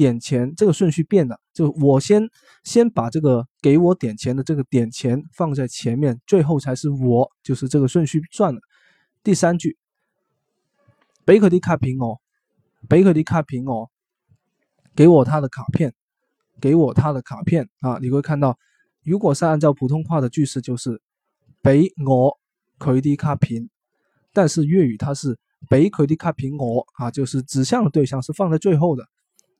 點錢這個順序變了，就我先先把這個給我點錢的這個點錢放在前面，最後才是我，就是這個順序算了。第三句，俾佢啲卡片我，俾佢啲卡片我，給我他的卡片，給我他的卡片啊！你會看到，如果是按照普通話的句式，就是俾我佢啲卡片，但是粵語它是俾佢啲卡片我啊，就是指向的對象是放在最後的。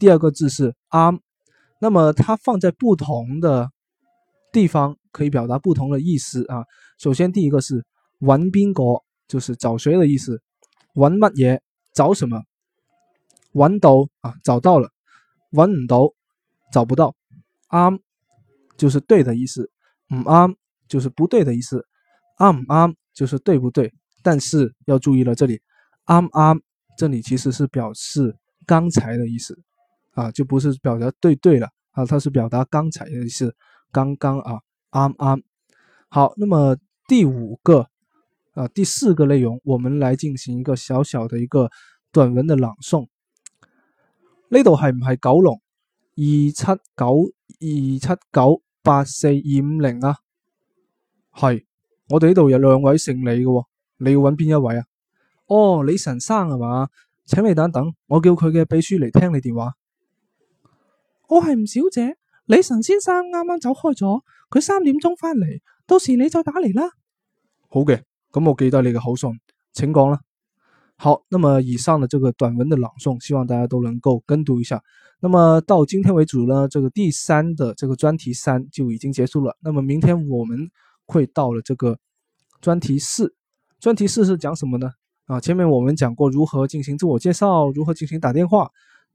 第二個字是“啱”，那麼它放在不同的地方可以表達不同的意思啊。首先，第一個是“搵邊個，就是找誰的意思；“搵乜嘢”，找什麼；“搵到”啊，找到了；“搵唔、嗯、到”，找不到。“啱”就是對的意思，“唔、嗯、啱”就是不對的意思，“啱唔啱”、啊嗯啊、就是對不對。但是要注意了，這裏“啱啱”、啊啊、這裏其實是表示剛才的意思。啊，就不是表達對對了啊，他是表達剛才嘅意思，剛剛啊，啱啱。好，那麼第五個，啊，第四個內容，我們來進行一個小小的一個短文的朗誦。呢度係唔係九龍？二七九二七九八四二五零啊，係，我哋呢度有兩位姓李嘅、哦，你要搵邊一位啊？哦，李晨生係嘛？請你等等，我叫佢嘅秘書嚟聽你的電話。我係吳小姐，李晨先生啱啱走開咗，佢三點鐘翻嚟，到時你再打嚟啦。好嘅，咁我記得你嘅口信，請講啦。好，那麼以上的這個短文的朗誦，希望大家都能夠跟讀一下。那麼到今天為止呢，這個第三的這個專題三就已經結束了。那麼明天我們會到了這個專題四，專題四是講什麼呢？啊，前面我們講過如何進行自我介紹，如何進行打電話。